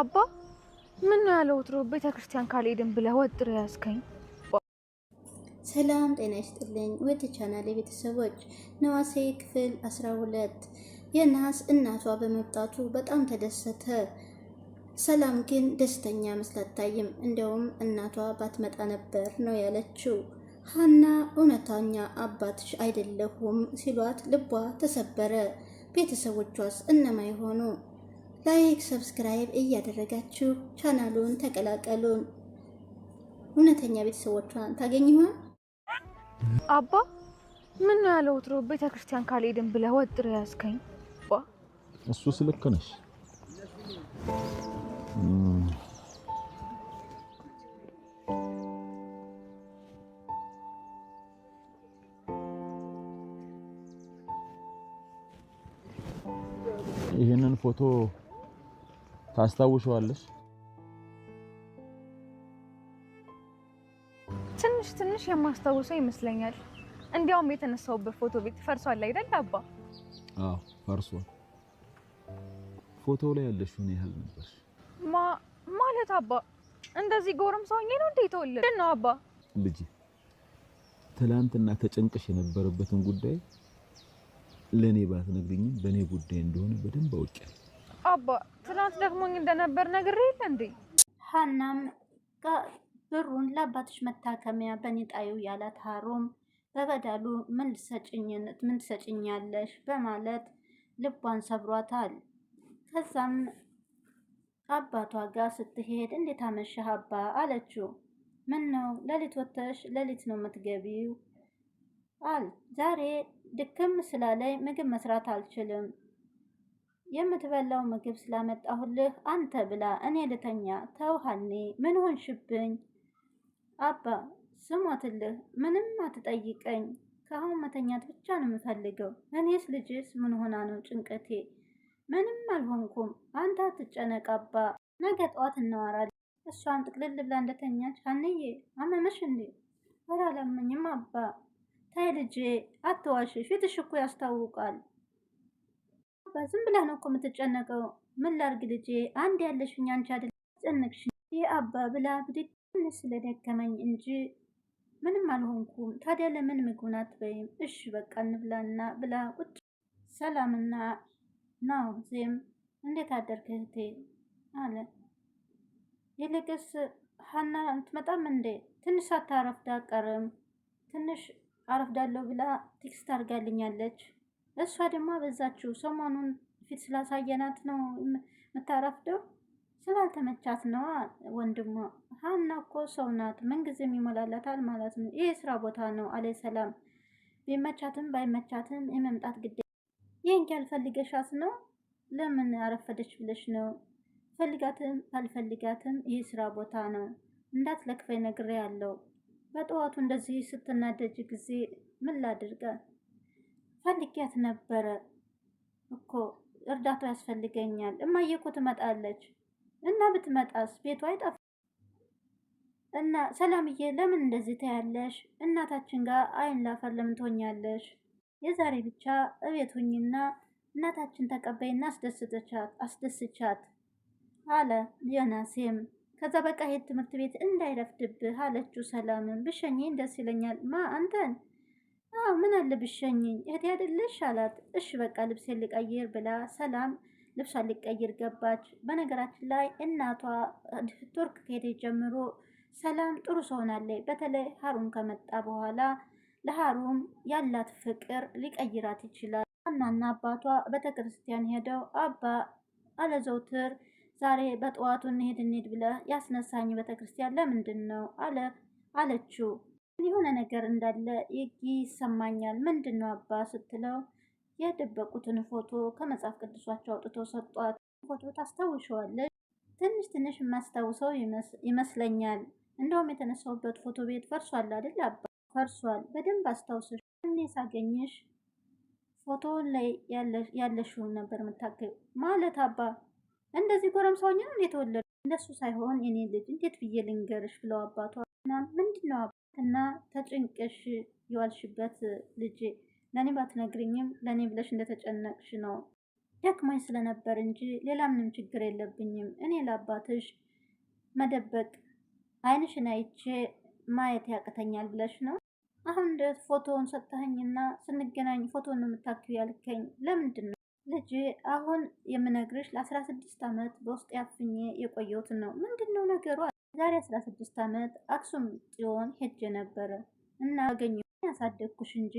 አባ ምን ነው ያለው? ወትሮ ቤተ ክርስቲያን ካልሄድን ብለህ ወጥሮ ያስከኝ። ሰላም ጤና ይስጥልኝ ውድ ቻናል ቤተሰቦች፣ ነዋሴ ክፍል 12 የነሐስ እናቷ በመምጣቱ በጣም ተደሰተ። ሰላም ግን ደስተኛ መስል አታይም። እንደውም እናቷ ባትመጣ ነበር ነው ያለችው። ሀና እውነተኛ አባትሽ አይደለሁም ሲሏት ልቧ ተሰበረ። ቤተሰቦቿስ እነማ ይሆኑ። ላይክ፣ ሰብስክራይብ እያደረጋችሁ ቻናሉን ተቀላቀሉን። እውነተኛ ቤተሰቦቿን ታገኝ ይሆን? አባ ምን ነው ያለ ወትሮ ቤተ ክርስቲያን ካልሄድን ብለ ወጥሮ ያስከኝ። እሱስ ልክ ነሽ። ይህንን ፎቶ ታስታውሸዋለሽ? ትንሽ ትንሽ የማስታውሰው ይመስለኛል። እንዲያውም የተነሳውበት ፎቶ ቤት ፈርሷል አይደል አባ? አዎ ፈርሷል። ፎቶ ላይ ምን ያህል ነበር። ማ ማለት አባ? እንደዚህ ጎረም ሰው ነው እንዴ የተወለደ ነው አባ? ልጅ ትላንትና ተጨንቅሽ የነበረበትን ጉዳይ ለኔ ባትነግሪኝም በኔ ጉዳይ እንደሆነ በደንብ አውቄያለሁ አባ ትናንት ደክሞኝ እንደነበር ነግሬ የለ እንዴ? ሀናም ብሩን ለአባትሽ መታከሚያ በኒጣዩ ያላት ሀሩም በበዳሉ ምን ትሰጭኛለሽ በማለት ልቧን ሰብሯታል። ከዛም አባቷ ጋር ስትሄድ እንዴት አመሸህ አባ አለችው። ምን ነው ሌሊት ወተሽ ሌሊት ነው የምትገቢው? አል ዛሬ ድክም ስላለኝ ምግብ መስራት አልችልም የምትበላው ምግብ ስላመጣሁልህ አንተ ብላ፣ እኔ ልተኛ። ተውሃኔ ምን ሆንሽብኝ? አባ ስሞትልህ ምንም አትጠይቀኝ። ከአሁን መተኛት ብቻ ነው የምፈልገው። እኔስ ልጅስ ምን ሆና ነው ጭንቀቴ? ምንም አልሆንኩም። አንተ አትጨነቅ አባ፣ ነገ ጠዋት እናወራለን። እሷም ጥቅልል ብላ እንደተኛች ሀንዬ አመመሽ እንዴ? ኧረ አላመኝም አባ። ታይ ልጄ አትዋሽ፣ ፊትሽ እኮ ያስታውቃል። ዝም ብለህ ነው እኮ የምትጨነቀው። ምን ላርግ ልጄ፣ አንድ ያለሽኝ አንቺ አይደል ጨነቅሽ። ይህ አባ ብላ ብድግ ስለደከመኝ እንጂ ምንም አልሆንኩም። ታዲያ ለምን ምግቡን አትበይም? እሺ በቃ እንብላና ብላ ቁጭ ሰላምና ናው ዜም እንዴት አደርክ እህቴ አለ። ይልቅስ ሀና አትመጣም እንዴ? ትንሽ ሳታረፍዳ ቀርም ትንሽ አረፍዳለሁ ብላ ቴክስት አድርጋልኛለች። እሷ ደግሞ አበዛችው። ሰሞኑን ፊት ስላሳየናት ነው የምታረፍደው፣ ስላልተመቻት ነዋ። ወንድሟ ሀና እኮ ሰው ናት፣ ምንጊዜም ይሞላላታል ማለት ነው። ይህ የስራ ቦታ ነው አለ ሰላም። ቢመቻትም ባይመቻትም የመምጣት ግዴታ ይህን ያልፈልገሻት ነው። ለምን አረፈደች ብለሽ ነው? ፈልጋትም አልፈልጋትም ይህ ስራ ቦታ ነው። እንዳትለክፈኝ ነግሬ ያለው። በጠዋቱ እንደዚህ ስትናደጅ ጊዜ ምን ላድርገ ፈልጊያት ነበረ እኮ እርዳታ ያስፈልገኛል። እማዬ እኮ ትመጣለች እና ብትመጣስ ቤቷ አይጠፋ እና ሰላምዬ፣ ለምን እንደዚህ ታያለሽ? እናታችን ጋር አይን ላፈር ለምን ትሆኛለሽ? የዛሬ ብቻ እቤት ሁኝና እናታችን ተቀበይና አስደስተቻት አስደስቻት አለ ዮናሴም። ከዛ በቃ ሄድ ትምህርት ቤት እንዳይረፍድብህ አለችው ሰላምን። ብሸኝ ደስ ይለኛል። ማ አንተን አዎ ምን አለ ብሸኝኝ እህቴ አይደለሽ አላት። እሺ በቃ ልብሴን ልቀይር ብላ ሰላም ልብሷን ልቀይር ገባች። በነገራችን ላይ እናቷ ቱርክ ከሄደ ጀምሮ ሰላም ጥሩ ሰው ሆናለች። በተለይ ሀሩን ከመጣ በኋላ ለሀሩን ያላት ፍቅር ሊቀይራት ይችላል። እናና አባቷ ቤተ ክርስቲያን ሄደው አባ አለዘውትር ዛሬ በጠዋቱ እንሄድ እንሄድ ብለህ ያስነሳኝ ቤተ ክርስቲያን ለምንድን ነው አለ አለችው። የሆነ ነገር እንዳለ ይሰማኛል። ምንድን ነው አባ ስትለው የደበቁትን ፎቶ ከመጽሐፍ ቅዱሳቸው አውጥቶ ሰጧት። ፎቶ ታስታውሸዋለች። ትንሽ ትንሽ የማስታውሰው ይመስለኛል። እንደውም የተነሳውበት ፎቶ ቤት ፈርሷል አይደል አባ? ፈርሷል። በደንብ አስታውሰሽ። እኔ ሳገኝሽ ፎቶ ላይ ያለሽውን ነበር የምታገኝ ማለት አባ። እንደዚህ ጎረምሳውኛ ነው የተወለዱ እንደሱ ሳይሆን የኔ ልጅ እንዴት ብዬ ልንገርሽ ብለው አባቷ ምንድን ነው እና ተጭንቅሽ የዋልሽበት ልጄ ለእኔ ባትነግርኝም ለእኔ ብለሽ እንደተጨነቅሽ ነው። ደክማኝ ስለነበር እንጂ ሌላ ምንም ችግር የለብኝም። እኔ ለአባትሽ መደበቅ አይንሽን አይቼ ማየት ያቅተኛል ብለሽ ነው። አሁን እንደት ፎቶውን ሰጥተኸኝና ስንገናኝ ፎቶውን የምታክዩ ያልከኝ ለምንድን ነው? ልጄ አሁን የምነግርሽ ለአስራ ስድስት ዓመት በውስጥ ያፍኜ የቆየሁትን ነው። ምንድን ነው ነገሩ? ዛሬ 16 ዓመት አክሱም ጽዮን ሄጄ ነበረ እና አገኘሁ። ያሳደግኩሽ እንጂ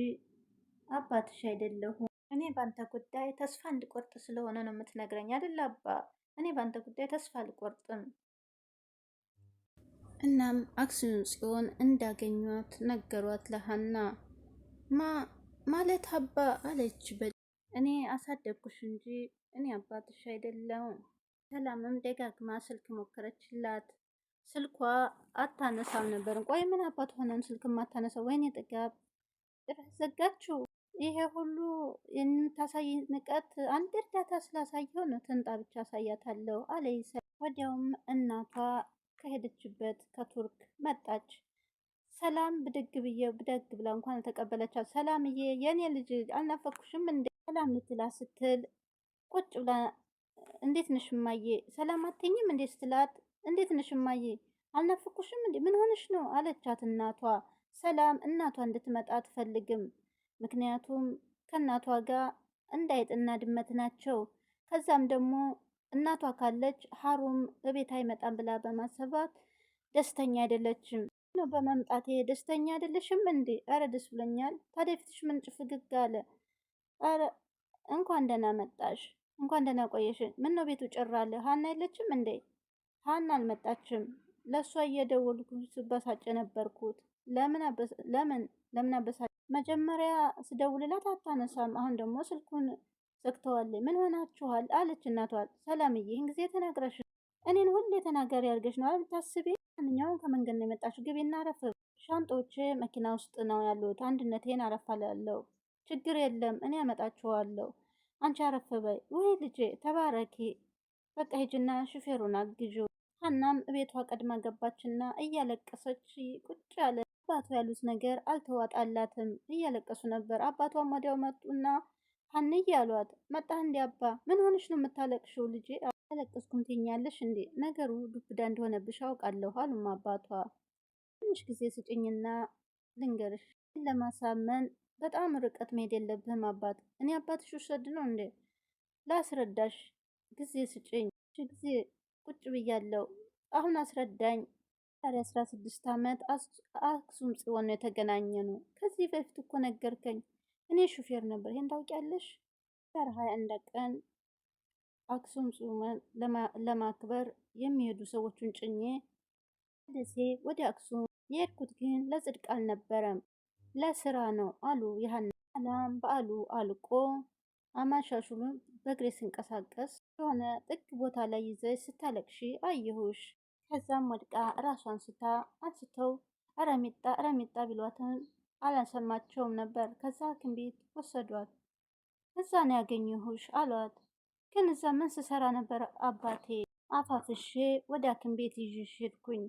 አባትሽ አይደለሁም። እኔ ባንተ ጉዳይ ተስፋ እንድቆርጥ ስለሆነ ነው የምትነግረኝ አይደል? አባ እኔ ባንተ ጉዳይ ተስፋ አልቆርጥም። እናም አክሱም ጽዮን እንዳገኟት ነገሯት ለሀና። ማ ማለት አባ አለች። እኔ አሳደግኩሽ እንጂ እኔ አባትሽ አይደለሁም። ሰላምም ደጋግማ ስልክ ሞከረችላት። ስልኳ አታነሳም ነበር። ቆይ ምን አባት ሆነን ስልክ ማታነሳው? ወይኔ ጥጋብ ጥራት ዘጋችው። ይሄ ሁሉ የምታሳይ ንቀት አንድ እርዳታ ስላሳየው ነው። ትንጣ ብቻ አሳያታለሁ አለይ። ወዲያውም እናቷ ከሄደችበት ከቱርክ መጣች። ሰላም ብድግ ብዬ ብድግ ብላ እንኳን አልተቀበለቻት። ሰላምዬ የኔ ልጅ አልናፈኩሽም እንዴ? ሰላም ልትላ ስትል ቁጭ ብላ እንዴት ነሽ እማዬ ሰላም አትኝም እንዴ ስትላት እንዴት ነሽ እማዬ አልናፈኩሽም እንዴ ምን ሆነሽ ነው አለቻት እናቷ ሰላም እናቷ እንድትመጣ አትፈልግም ምክንያቱም ከእናቷ ጋር እንዳይጥና ድመት ናቸው ከዛም ደግሞ እናቷ ካለች ሀሩም እቤት አይመጣም ብላ በማሰባት ደስተኛ አይደለችም ነው በመምጣቴ ደስተኛ አይደለሽም እንዴ አረ ደስ ብሎኛል ታዲያ ፊትሽ ምን ጭፍግግ አለ አረ እንኳን ደህና መጣሽ እንኳን ደህና ቆየሽ ምን ነው ቤቱ ጭራ አለ ሀና የለችም እንዴ ሀና አልመጣችም። ለእሷ እየደወልኩ ስበሳጭ ነበርኩት። ለምን ለምን አበሳጭ? መጀመሪያ ስደውልላት አታነሳም። አሁን ደግሞ ስልኩን ዘግተዋለች። ምን ሆናችኋል? አለች እናቷል። ሰላምዬ፣ ይህን ጊዜ ተናግረሽ እኔን ሁሌ ተናጋሪ አድርገሽ ነው አልታስቢ። ማንኛውም ከመንገድ ነው የመጣችው። ግቢና እናረፍ። ሻንጦቼ መኪና ውስጥ ነው ያሉት። አንድነቴን አረፋላለሁ። ችግር የለም እኔ አመጣችኋለሁ። አንቺ አረፍ በይ። ወይ ልጄ ተባረኪ። በቃ ሂጂና ሹፌሩን አግዢው። ሀናም እቤቷ ቀድማ ገባችና እያለቀሰች ቁጭ አለ። አባቷ ያሉት ነገር አልተዋጣላትም። እያለቀሱ ነበር። አባቷም ወዲያው መጡና ሀንዬ ያሏት መጣህ እንዲ አባ፣ ምን ሆንሽ ነው የምታለቅሽው ልጄ? ያለቀስኩም ትኛለሽ እንዴ? ነገሩ ዱብዳ እንደሆነብሽ አውቃለሁ አሉም አባቷ። ትንሽ ጊዜ ስጭኝና ልንገርሽ። ለማሳመን በጣም ርቀት መሄድ የለብህም አባት። እኔ አባትሽ ውሰድ ነው እንዴ? ላስረዳሽ ጊዜ ስጭኝ ጊዜ ቁጭ ብያለው። አሁን አስረዳኝ። ታዲያ አስራ ስድስት ዓመት አክሱም ጽዮን ነው የተገናኘ ነው። ከዚህ በፊት እኮ ነገርከኝ። እኔ ሹፌር ነበር። ይህን ታውቂያለሽ? ዳር ሀያ አንድ ቀን አክሱም ጽዮን ለማክበር የሚሄዱ ሰዎቹን ጭኜ ደሴ ወደ አክሱም የሄድኩት ግን ለጽድቅ አልነበረም ለስራ ነው አሉ ያህና አላም በዓሉ አልቆ አማሻሹሉን በእግሬ ስንቀሳቀስ የሆነ ጥግ ቦታ ላይ ይዘሽ ስታለቅሺ አየሁሽ። ከዛም ወድቃ ራሷን ስታ አንስተው ረሚጣ ረሚጣ ቢሏትን አላሰማቸውም ነበር። ከዛ ሐኪም ቤት ወሰዷት። እዛ ነው ያገኘሁሽ አሏት። ግን እዛ ምን ስሰራ ነበር አባቴ? አፋፍሼ ወደ ሐኪም ቤት ይዤሽ ሄድኩኝ።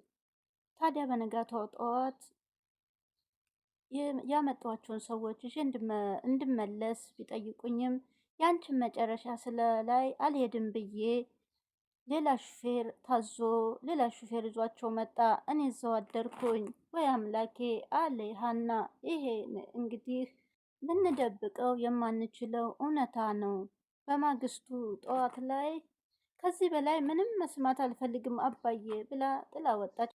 ታዲያ በነጋታው ጠዋት ያመጧቸውን ሰዎች ይዤ እንድመለስ ቢጠይቁኝም ያንቺን መጨረሻ ስለላይ አልሄድም ብዬ ሌላ ሹፌር ታዞ ሌላ ሹፌር ይዟቸው መጣ። እኔ እዛው አደርኩኝ። ወይ አምላኬ አለ ሀና። ይሄ እንግዲህ ልንደብቀው የማንችለው እውነታ ነው። በማግስቱ ጠዋት ላይ ከዚህ በላይ ምንም መስማት አልፈልግም አባዬ ብላ ጥላ ወጣች።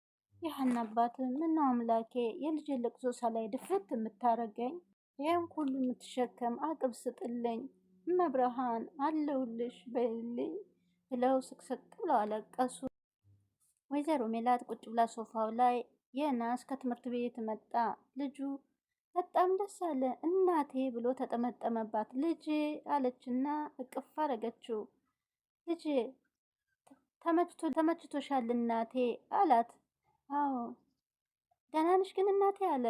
የሀና አባት ምነው አምላኬ የልጅ ልቅሶ ሳላይ ድፍረት የምታረገኝ ይህም ሁሉ የምትሸከም አቅብ ስጥልኝ እመብርሃን አለውልሽ በይልኝ ብለው ስቅስቅ ብለው አለቀሱ። ወይዘሮ ሜላት ቁጭ ብላ ሶፋው ላይ የናስ ከትምህርት ቤት መጣ። ልጁ በጣም ደስ አለ እናቴ ብሎ ተጠመጠመባት። ልጄ አለችና እቅፍ አረገችው። ልጄ ተመችቶሻል እናቴ አላት። አዎ ደህና ነሽ ግን እናቴ አለ።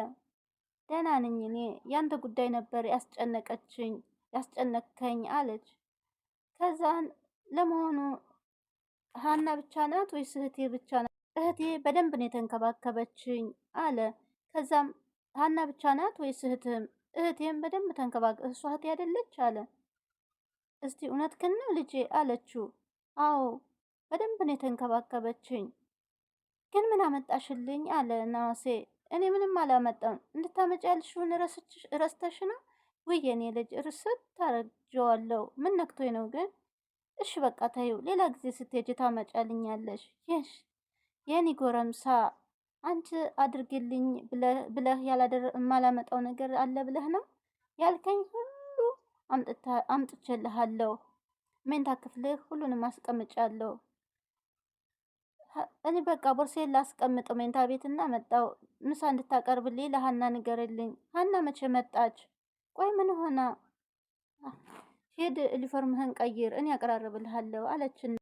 ደህና ነኝ እኔ ያንተ ጉዳይ ነበር ያስጨነቀችኝ ያስጨነከኝ አለች። ከዛን ለመሆኑ ሀና ብቻ ናት ወይስ እህቴ ብቻ ናት? እህቴ በደንብ ነው የተንከባከበችኝ አለ። ከዛም ሀና ብቻ ናት ወይስ እህትህም? እህቴም በደንብ ተንከባከ እሷ እህቴ አይደለች አለ። እስቲ እውነት ክን ልጄ አለችው። አዎ በደንብ ነው የተንከባከበችኝ። ግን ምን አመጣሽልኝ አለ ናሴ። እኔ ምንም አላመጣም። እንድታመጫ ያልሽውን ረስተሽ ነው ወይ የኔ ልጅ እርስት ታረጀዋለው። ምን ነክቶኝ ነው ግን? እሺ በቃ ታዩ፣ ሌላ ጊዜ ስትሄጂ ታመጫልኛለሽ። ይሽ የኔ ጎረምሳ አንቺ አድርግልኝ ብለህ የማላመጣው ነገር አለ ብለህ ነው ያልከኝ ሁሉ አምጥቼልሃለሁ። መኝታ ክፍልህ ሁሉንም አስቀምጫለሁ። እኔ በቃ ቦርሴን ላስቀምጠው መኝታ ቤትና መጣው። ምሳ እንድታቀርብልኝ ለሀና ንገርልኝ። ሀና መቼ መጣች? ቆይ ምን ሆነ? ሄድ ዩኒፎርምህን ቀይር፣ እኔ ያቀራረብልሃለሁ አለችን።